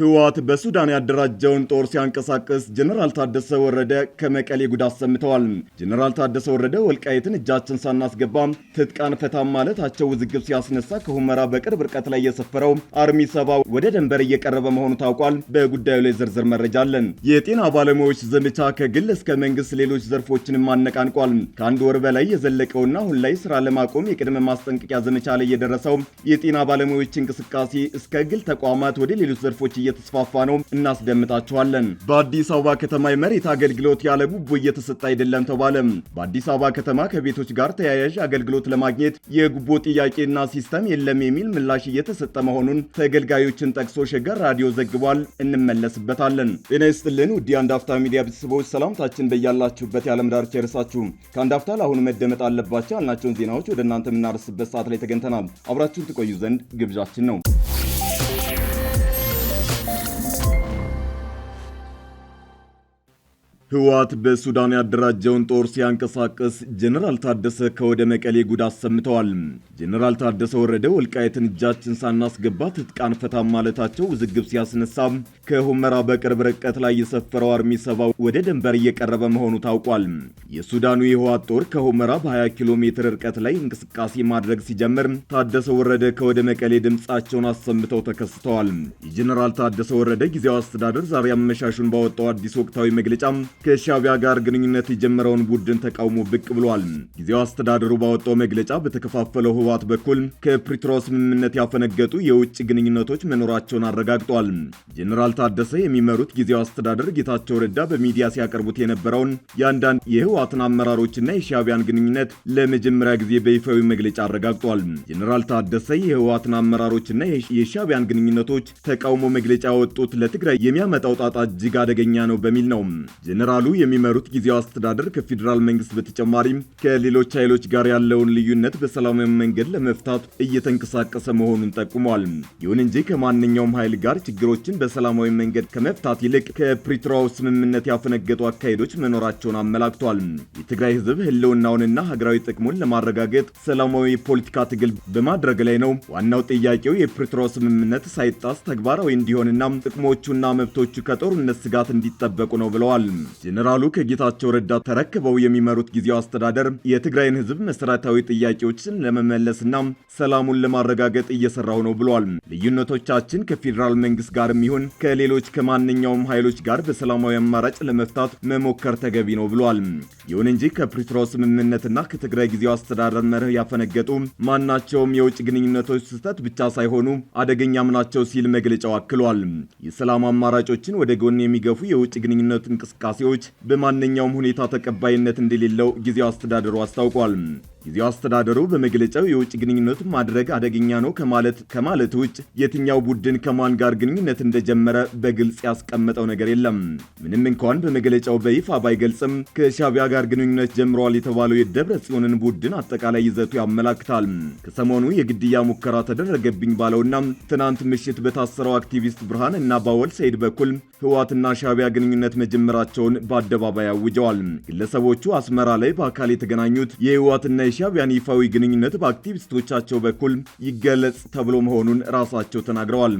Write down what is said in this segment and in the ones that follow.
ህወሓት በሱዳን ያደራጀውን ጦር ሲያንቀሳቅስ ጀነራል ታደሰ ወረደ ከመቀሌ ጉድ አሰምተዋል። ጀነራል ታደሰ ወረደ ወልቃይትን እጃችን ሳናስገባ ትጥቅ ፈታ ማለታቸው ውዝግብ ሲያስነሳ ከሁመራ በቅርብ ርቀት ላይ የሰፈረው አርሚ ሰባ ወደ ደንበር እየቀረበ መሆኑ ታውቋል። በጉዳዩ ላይ ዝርዝር መረጃ አለን። የጤና ባለሙያዎች ዘመቻ ከግል እስከ መንግስት ሌሎች ዘርፎችንም አነቃንቋል። ከአንድ ወር በላይ የዘለቀውና አሁን ላይ ስራ ለማቆም የቅድመ ማስጠንቀቂያ ዘመቻ ላይ የደረሰው የጤና ባለሙያዎች እንቅስቃሴ እስከ ግል ተቋማት ወደ ሌሎች ዘርፎች እየተስፋፋ ነው። እናስደምጣችኋለን። በአዲስ አበባ ከተማ የመሬት አገልግሎት ያለ ጉቦ እየተሰጠ አይደለም ተባለ። በአዲስ አበባ ከተማ ከቤቶች ጋር ተያያዥ አገልግሎት ለማግኘት የጉቦ ጥያቄና ሲስተም የለም የሚል ምላሽ እየተሰጠ መሆኑን ተገልጋዮችን ጠቅሶ ሸገር ራዲዮ ዘግቧል። እንመለስበታለን። ጤና ይስጥልን ውድ የአንድ አፍታ ሚዲያ ቤተሰቦች ሰላምታችን በያላችሁበት የዓለም ዳርቻ ይድረሳችሁ። ከአንድ አፍታ ለአሁኑ መደመጥ አለባቸው ያልናቸውን ዜናዎች ወደ እናንተ የምናደርስበት ሰዓት ላይ ተገኝተናል። አብራችሁን ትቆዩ ዘንድ ግብዣችን ነው። ህወሓት በሱዳን ያደራጀውን ጦር ሲያንቀሳቀስ ጀነራል ታደሰ ከወደ መቀሌ ጉድ አሰምተዋል። ጀነራል ታደሰ ወረደ ወልቃየትን እጃችን ሳናስገባ ትጥቃን ፈታ ማለታቸው ውዝግብ ሲያስነሳ፣ ከሁመራ በቅርብ ርቀት ላይ የሰፈረው አርሚ ሰባ ወደ ድንበር እየቀረበ መሆኑ ታውቋል። የሱዳኑ የህወሓት ጦር ከሁመራ በ20 ኪሎ ሜትር ርቀት ላይ እንቅስቃሴ ማድረግ ሲጀምር፣ ታደሰ ወረደ ከወደ መቀሌ ድምፃቸውን አሰምተው ተከስተዋል። የጀነራል ታደሰ ወረደ ጊዜያዊ አስተዳደር ዛሬ አመሻሹን ባወጣው አዲስ ወቅታዊ መግለጫ ከሻቢያ ጋር ግንኙነት የጀመረውን ቡድን ተቃውሞ ብቅ ብሏል። ጊዜው አስተዳደሩ ባወጣው መግለጫ በተከፋፈለው ህወሓት በኩል ከፕሪቶሪያ ስምምነት ያፈነገጡ የውጭ ግንኙነቶች መኖራቸውን አረጋግጧል። ጄኔራል ታደሰ የሚመሩት ጊዜው አስተዳደር ጌታቸው ረዳ በሚዲያ ሲያቀርቡት የነበረውን የአንዳንድ የህወሓትን አመራሮችና የሻቢያን ግንኙነት ለመጀመሪያ ጊዜ በይፋዊ መግለጫ አረጋግጧል። ጄኔራል ታደሰ የህወሓትን አመራሮችና የሻቢያን ግንኙነቶች ተቃውሞ መግለጫ ያወጡት ለትግራይ የሚያመጣው ጣጣ እጅግ አደገኛ ነው በሚል ነው። ጄኔራሉ የሚመሩት ጊዜው አስተዳደር ከፌዴራል መንግስት በተጨማሪም ከሌሎች ኃይሎች ጋር ያለውን ልዩነት በሰላማዊ መንገድ ለመፍታት እየተንቀሳቀሰ መሆኑን ጠቁሟል። ይሁን እንጂ ከማንኛውም ኃይል ጋር ችግሮችን በሰላማዊ መንገድ ከመፍታት ይልቅ ከፕሪቶሪያው ስምምነት ያፈነገጡ አካሄዶች መኖራቸውን አመላክቷል። የትግራይ ህዝብ ህልውናውንና ሀገራዊ ጥቅሙን ለማረጋገጥ ሰላማዊ የፖለቲካ ትግል በማድረግ ላይ ነው። ዋናው ጥያቄው የፕሪቶሪያው ስምምነት ሳይጣስ ተግባራዊ እንዲሆንና ጥቅሞቹና መብቶቹ ከጦርነት ስጋት እንዲጠበቁ ነው ብለዋል። ጄኔራሉ ከጌታቸው ረዳ ተረክበው የሚመሩት ጊዜው አስተዳደር የትግራይን ህዝብ መሰረታዊ ጥያቄዎችን ለመመለስና ሰላሙን ለማረጋገጥ እየሰራው ነው ብሏል። ልዩነቶቻችን ከፌዴራል መንግስት ጋርም ይሁን ከሌሎች ከማንኛውም ኃይሎች ጋር በሰላማዊ አማራጭ ለመፍታት መሞከር ተገቢ ነው ብሏል። ይሁን እንጂ ከፕሪቶሪያው ስምምነትና ከትግራይ ጊዜው አስተዳደር መርህ ያፈነገጡ ማናቸውም የውጭ ግንኙነቶች ስህተት ብቻ ሳይሆኑ አደገኛም ናቸው ሲል መግለጫው አክሏል። የሰላም አማራጮችን ወደ ጎን የሚገፉ የውጭ ግንኙነት እንቅስቃሴ እንቅስቃሴዎች በማንኛውም ሁኔታ ተቀባይነት እንደሌለው ጊዜው አስተዳደሩ አስታውቋል። ጊዜው አስተዳደሩ በመግለጫው የውጭ ግንኙነቱ ማድረግ አደገኛ ነው ከማለት ከማለት ውጭ የትኛው ቡድን ከማን ጋር ግንኙነት እንደጀመረ በግልጽ ያስቀመጠው ነገር የለም። ምንም እንኳን በመግለጫው በይፋ ባይገልጽም ከሻቢያ ጋር ግንኙነት ጀምረዋል የተባለው የደብረ ጽዮንን ቡድን አጠቃላይ ይዘቱ ያመላክታል። ከሰሞኑ የግድያ ሙከራ ተደረገብኝ ባለውና ትናንት ምሽት በታሰረው አክቲቪስት ብርሃን እና ባወል ሰይድ በኩል ህዋትና ሻቢያ ግንኙነት መጀመራቸውን በአደባባይ አውጀዋል። ግለሰቦቹ አስመራ ላይ በአካል የተገናኙት የህዋትና የሻቢያን ይፋዊ ግንኙነት በአክቲቪስቶቻቸው በኩል ይገለጽ ተብሎ መሆኑን ራሳቸው ተናግረዋል።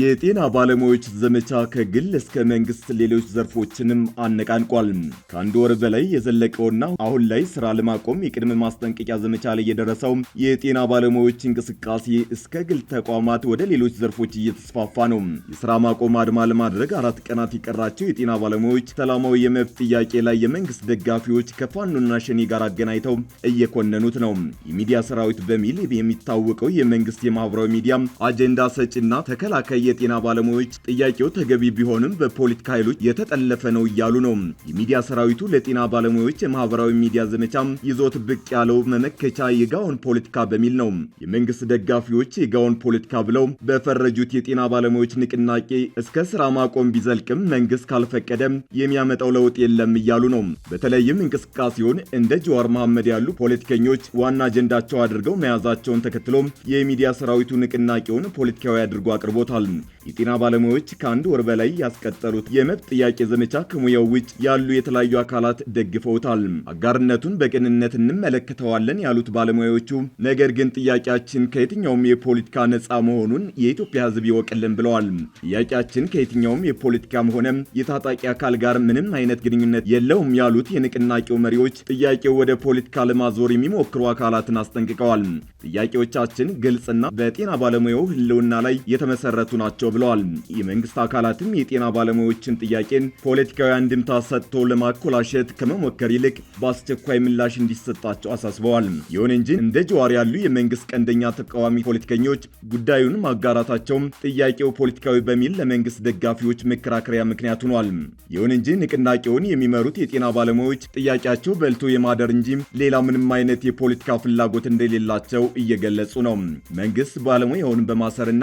የጤና ባለሙያዎች ዘመቻ ከግል እስከ መንግስት ሌሎች ዘርፎችንም አነቃንቋል። ከአንድ ወር በላይ የዘለቀውና አሁን ላይ ስራ ለማቆም የቅድመ ማስጠንቀቂያ ዘመቻ ላይ የደረሰው የጤና ባለሙያዎች እንቅስቃሴ እስከ ግል ተቋማት ወደ ሌሎች ዘርፎች እየተስፋፋ ነው። የስራ ማቆም አድማ ለማድረግ አራት ቀናት የቀራቸው የጤና ባለሙያዎች ሰላማዊ የመብት ጥያቄ ላይ የመንግስት ደጋፊዎች ከፋኖና ሸኔ ጋር አገናኝተው እየኮነኑት ነው። የሚዲያ ሰራዊት በሚል የሚታወቀው የመንግስት የማህበራዊ ሚዲያ አጀንዳ ሰጪና ተከላካይ የጤና ባለሙያዎች ጥያቄው ተገቢ ቢሆንም በፖለቲካ ኃይሎች የተጠለፈ ነው እያሉ ነው። የሚዲያ ሰራዊቱ ለጤና ባለሙያዎች የማህበራዊ ሚዲያ ዘመቻም ይዞት ብቅ ያለው መመከቻ የጋውን ፖለቲካ በሚል ነው። የመንግስት ደጋፊዎች የጋውን ፖለቲካ ብለው በፈረጁት የጤና ባለሙያዎች ንቅናቄ እስከ ስራ ማቆም ቢዘልቅም መንግስት ካልፈቀደም የሚያመጣው ለውጥ የለም እያሉ ነው። በተለይም እንቅስቃሴውን እንደ ጀዋር መሐመድ ያሉ ፖለቲከኞች ዋና አጀንዳቸው አድርገው መያዛቸውን ተከትሎም የሚዲያ ሰራዊቱ ንቅናቄውን ፖለቲካዊ አድርጎ አቅርቦታል። የጤና ባለሙያዎች ከአንድ ወር በላይ ያስቀጠሉት የመብት ጥያቄ ዘመቻ ከሙያው ውጭ ያሉ የተለያዩ አካላት ደግፈውታል። አጋርነቱን በቅንነት እንመለከተዋለን ያሉት ባለሙያዎቹ፣ ነገር ግን ጥያቄያችን ከየትኛውም የፖለቲካ ነፃ መሆኑን የኢትዮጵያ ሕዝብ ይወቅልን ብለዋል። ጥያቄያችን ከየትኛውም የፖለቲካም ሆነ የታጣቂ አካል ጋር ምንም አይነት ግንኙነት የለውም ያሉት የንቅናቄው መሪዎች ጥያቄው ወደ ፖለቲካ ለማዞር የሚሞክሩ አካላትን አስጠንቅቀዋል። ጥያቄዎቻችን ግልጽና በጤና ባለሙያው ሕልውና ላይ የተመሰረቱ ናቸው ብለዋል። የመንግስት አካላትም የጤና ባለሙያዎችን ጥያቄን ፖለቲካዊ አንድምታ ሰጥቶ ለማኮላሸት ከመሞከር ይልቅ በአስቸኳይ ምላሽ እንዲሰጣቸው አሳስበዋል። ይሁን እንጂ እንደ ጀዋር ያሉ የመንግስት ቀንደኛ ተቃዋሚ ፖለቲከኞች ጉዳዩን ማጋራታቸውም ጥያቄው ፖለቲካዊ በሚል ለመንግስት ደጋፊዎች መከራከሪያ ምክንያት ሆኗል። ይሁን እንጂ ንቅናቄውን የሚመሩት የጤና ባለሙያዎች ጥያቄያቸው በልቶ የማደር እንጂ ሌላ ምንም አይነት የፖለቲካ ፍላጎት እንደሌላቸው እየገለጹ ነው። መንግስት ባለሙያውን በማሰርና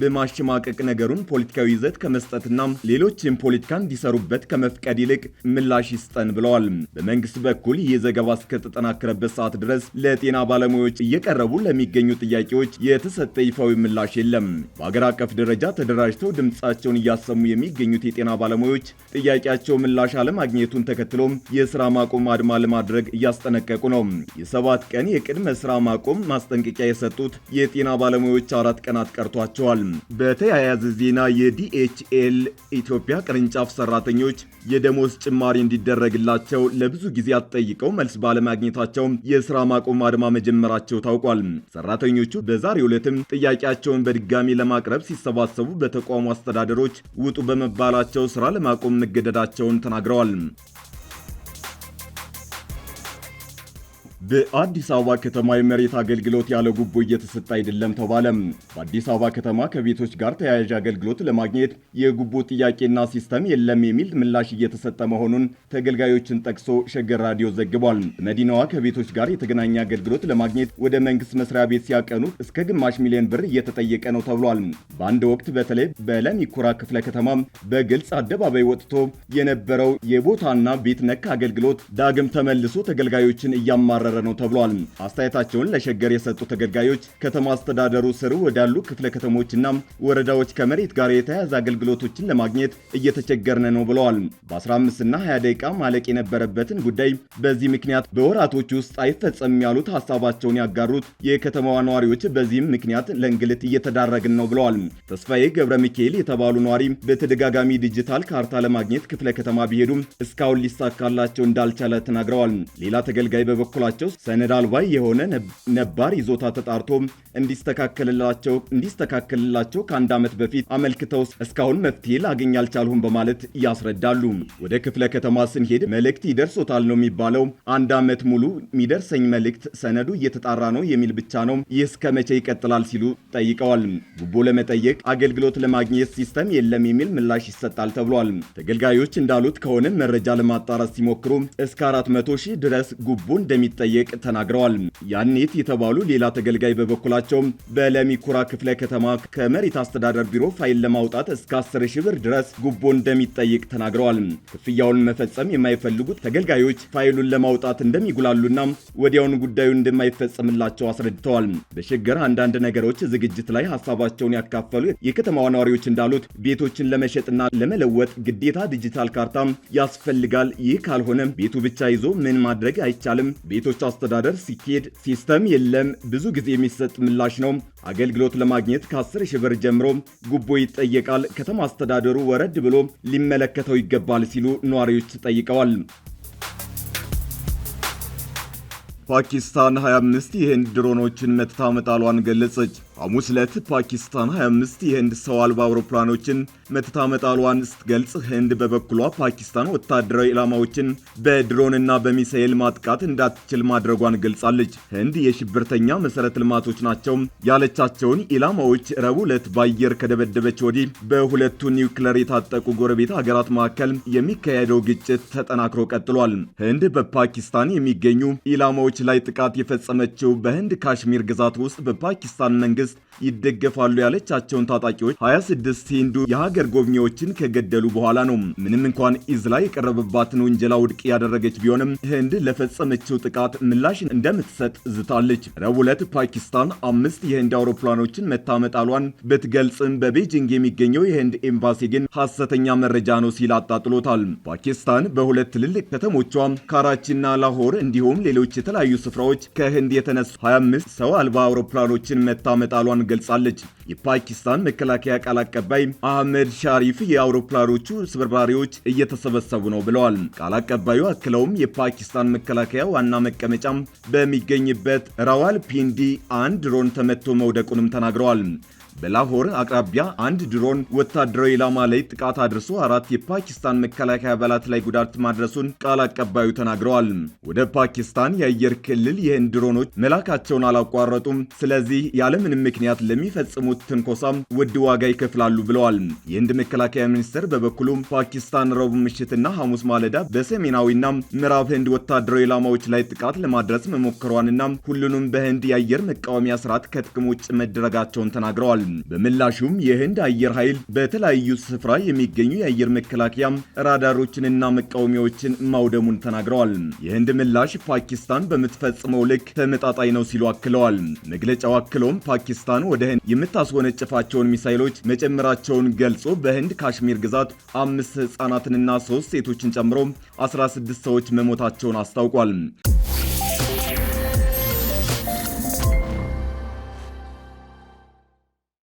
በማሸማቀ ማላቀቅ ነገሩን ፖለቲካዊ ይዘት ከመስጠትና ሌሎችም ፖለቲካ እንዲሰሩበት ከመፍቀድ ይልቅ ምላሽ ይስጠን ብለዋል። በመንግስት በኩል ይህ ዘገባ እስከተጠናከረበት ሰዓት ድረስ ለጤና ባለሙያዎች እየቀረቡ ለሚገኙ ጥያቄዎች የተሰጠ ይፋዊ ምላሽ የለም። በአገር አቀፍ ደረጃ ተደራጅተው ድምፃቸውን እያሰሙ የሚገኙት የጤና ባለሙያዎች ጥያቄያቸው ምላሽ አለማግኘቱን ተከትሎም የስራ ማቆም አድማ ለማድረግ እያስጠነቀቁ ነው። የሰባት ቀን የቅድመ ስራ ማቆም ማስጠንቀቂያ የሰጡት የጤና ባለሙያዎች አራት ቀናት ቀርቷቸዋል። በተያያዘ ዜና የዲኤችኤል ኢትዮጵያ ቅርንጫፍ ሰራተኞች የደሞዝ ጭማሪ እንዲደረግላቸው ለብዙ ጊዜ አጠይቀው መልስ ባለማግኘታቸው የስራ ማቆም አድማ መጀመራቸው ታውቋል። ሰራተኞቹ በዛሬው ዕለትም ጥያቄያቸውን በድጋሚ ለማቅረብ ሲሰባሰቡ በተቋሙ አስተዳደሮች ውጡ በመባላቸው ስራ ለማቆም መገደዳቸውን ተናግረዋል። በአዲስ አበባ ከተማ የመሬት አገልግሎት ያለ ጉቦ እየተሰጠ አይደለም ተባለም። በአዲስ አበባ ከተማ ከቤቶች ጋር ተያያዥ አገልግሎት ለማግኘት የጉቦ ጥያቄና ሲስተም የለም የሚል ምላሽ እየተሰጠ መሆኑን ተገልጋዮችን ጠቅሶ ሸገር ራዲዮ ዘግቧል። መዲናዋ ከቤቶች ጋር የተገናኘ አገልግሎት ለማግኘት ወደ መንግስት መስሪያ ቤት ሲያቀኑ እስከ ግማሽ ሚሊዮን ብር እየተጠየቀ ነው ተብሏል። በአንድ ወቅት በተለይ በለሚኩራ ክፍለ ከተማ በግልጽ አደባባይ ወጥቶ የነበረው የቦታና ቤት ነክ አገልግሎት ዳግም ተመልሶ ተገልጋዮችን እያማረረ እየተመረመረ ነው ተብሏል። አስተያየታቸውን ለሸገር የሰጡ ተገልጋዮች ከተማ አስተዳደሩ ስር ወዳሉ ክፍለ ከተሞችና ወረዳዎች ከመሬት ጋር የተያያዘ አገልግሎቶችን ለማግኘት እየተቸገርን ነው ብለዋል። በ15ና 20 ደቂቃ ማለቅ የነበረበትን ጉዳይ በዚህ ምክንያት በወራቶች ውስጥ አይፈጸምም ያሉት ሀሳባቸውን ያጋሩት የከተማዋ ነዋሪዎች በዚህም ምክንያት ለእንግልት እየተዳረግን ነው ብለዋል። ተስፋዬ ገብረ ሚካኤል የተባሉ ነዋሪ በተደጋጋሚ ዲጂታል ካርታ ለማግኘት ክፍለ ከተማ ቢሄዱም እስካሁን ሊሳካላቸው እንዳልቻለ ተናግረዋል። ሌላ ተገልጋይ በበኩላቸው መሆናቸው ሰነድ አልባይ የሆነ ነባር ይዞታ ተጣርቶ እንዲስተካከልላቸው እንዲስተካከልላቸው ከአንድ ዓመት በፊት አመልክተው እስካሁን መፍትሄ ላገኝ አልቻልሁም በማለት ያስረዳሉ። ወደ ክፍለ ከተማ ስንሄድ መልእክት ይደርሶታል ነው የሚባለው። አንድ ዓመት ሙሉ የሚደርሰኝ መልእክት ሰነዱ እየተጣራ ነው የሚል ብቻ ነው። ይህ እስከ መቼ ይቀጥላል ሲሉ ጠይቀዋል። ጉቦ ለመጠየቅ አገልግሎት ለማግኘት ሲስተም የለም የሚል ምላሽ ይሰጣል ተብሏል። ተገልጋዮች እንዳሉት ከሆነ መረጃ ለማጣራት ሲሞክሩ እስከ 400 ሺህ ድረስ ጉቦ እንደሚጠየቅ መጠየቅ ተናግረዋል። ያኔት የተባሉ ሌላ ተገልጋይ በበኩላቸው በለሚኩራ ክፍለ ከተማ ከመሬት አስተዳደር ቢሮ ፋይል ለማውጣት እስከ 10 ሺህ ብር ድረስ ጉቦ እንደሚጠይቅ ተናግረዋል። ክፍያውን መፈጸም የማይፈልጉት ተገልጋዮች ፋይሉን ለማውጣት እንደሚጉላሉና ወዲያውን ጉዳዩ እንደማይፈጸምላቸው አስረድተዋል። በሽግር አንዳንድ ነገሮች ዝግጅት ላይ ሀሳባቸውን ያካፈሉ የከተማዋ ነዋሪዎች እንዳሉት ቤቶችን ለመሸጥና ለመለወጥ ግዴታ ዲጂታል ካርታ ያስፈልጋል። ይህ ካልሆነ ቤቱ ብቻ ይዞ ምን ማድረግ አይቻልም። ቤቶች አስተዳደር ሲኬድ ሲስተም የለም፣ ብዙ ጊዜ የሚሰጥ ምላሽ ነው። አገልግሎት ለማግኘት ከ10 ሺህ ብር ጀምሮ ጉቦ ይጠየቃል። ከተማ አስተዳደሩ ወረድ ብሎ ሊመለከተው ይገባል ሲሉ ነዋሪዎች ጠይቀዋል። ፓኪስታን 25 የህንድ ድሮኖችን መትታ መጣሏን ገለጸች። ሐሙስ ዕለት ፓኪስታን 25 የህንድ ሰው አልባ አውሮፕላኖችን መትታ መጣሏን ስትገልጽ ህንድ በበኩሏ ፓኪስታን ወታደራዊ ኢላማዎችን በድሮንና በሚሳኤል ማጥቃት እንዳትችል ማድረጓን ገልጻለች። ህንድ የሽብርተኛ መሠረተ ልማቶች ናቸው ያለቻቸውን ኢላማዎች ረቡዕ ዕለት በአየር ከደበደበች ወዲህ በሁለቱ ኒውክለር የታጠቁ ጎረቤት ሀገራት መካከል የሚካሄደው ግጭት ተጠናክሮ ቀጥሏል። ህንድ በፓኪስታን የሚገኙ ኢላማዎች ላይ ጥቃት የፈጸመችው በህንድ ካሽሚር ግዛት ውስጥ በፓኪስታን መንግስት because ይደገፋሉ ያለቻቸውን ታጣቂዎች 26 ሂንዱ የሀገር ጎብኚዎችን ከገደሉ በኋላ ነው። ምንም እንኳን ኢዝ ላይ የቀረበባትን ውንጀላ ውድቅ ያደረገች ቢሆንም ህንድ ለፈጸመችው ጥቃት ምላሽ እንደምትሰጥ ዝታለች። ረቡዕ ዕለት ፓኪስታን አምስት የህንድ አውሮፕላኖችን መታመጣሏን ብትገልጽም በቤጂንግ የሚገኘው የህንድ ኤምባሲ ግን ሐሰተኛ መረጃ ነው ሲል አጣጥሎታል። ፓኪስታን በሁለት ትልልቅ ከተሞቿ ካራቺና ላሆር እንዲሁም ሌሎች የተለያዩ ስፍራዎች ከህንድ የተነሱ 25 ሰው አልባ አውሮፕላኖችን መታመጣሏን መሆኑን ገልጻለች። የፓኪስታን መከላከያ ቃል አቀባይ አህመድ ሻሪፍ የአውሮፕላኖቹ ስብርባሪዎች እየተሰበሰቡ ነው ብለዋል። ቃል አቀባዩ አክለውም የፓኪስታን መከላከያ ዋና መቀመጫም በሚገኝበት ራዋል ፒንዲ አንድ ድሮን ተመቶ መውደቁንም ተናግረዋል። በላሆር አቅራቢያ አንድ ድሮን ወታደራዊ ኢላማ ላይ ጥቃት አድርሶ አራት የፓኪስታን መከላከያ አባላት ላይ ጉዳት ማድረሱን ቃል አቀባዩ ተናግረዋል። ወደ ፓኪስታን የአየር ክልል ይህን ድሮኖች መላካቸውን አላቋረጡም። ስለዚህ ያለምንም ምክንያት ለሚፈጽሙት ትንኮሳም ውድ ዋጋ ይከፍላሉ ብለዋል። የህንድ መከላከያ ሚኒስቴር በበኩሉም ፓኪስታን ረቡዕ ምሽትና ሐሙስ ማለዳ በሰሜናዊና ምዕራብ ህንድ ወታደራዊ ኢላማዎች ላይ ጥቃት ለማድረስ መሞከሯንና ሁሉንም በህንድ የአየር መቃወሚያ ስርዓት ከጥቅም ውጭ መደረጋቸውን ተናግረዋል። ተናግረዋል። በምላሹም የህንድ አየር ኃይል በተለያዩ ስፍራ የሚገኙ የአየር መከላከያ ራዳሮችንና መቃወሚያዎችን ማውደሙን ተናግረዋል። የህንድ ምላሽ ፓኪስታን በምትፈጽመው ልክ ተመጣጣኝ ነው ሲሉ አክለዋል። መግለጫው አክሎም ፓኪስታን ወደ ህንድ የምታስወነጭፋቸውን ሚሳይሎች መጨመራቸውን ገልጾ በህንድ ካሽሚር ግዛት አምስት ህጻናትንና ሶስት ሴቶችን ጨምሮ 16 ሰዎች መሞታቸውን አስታውቋል።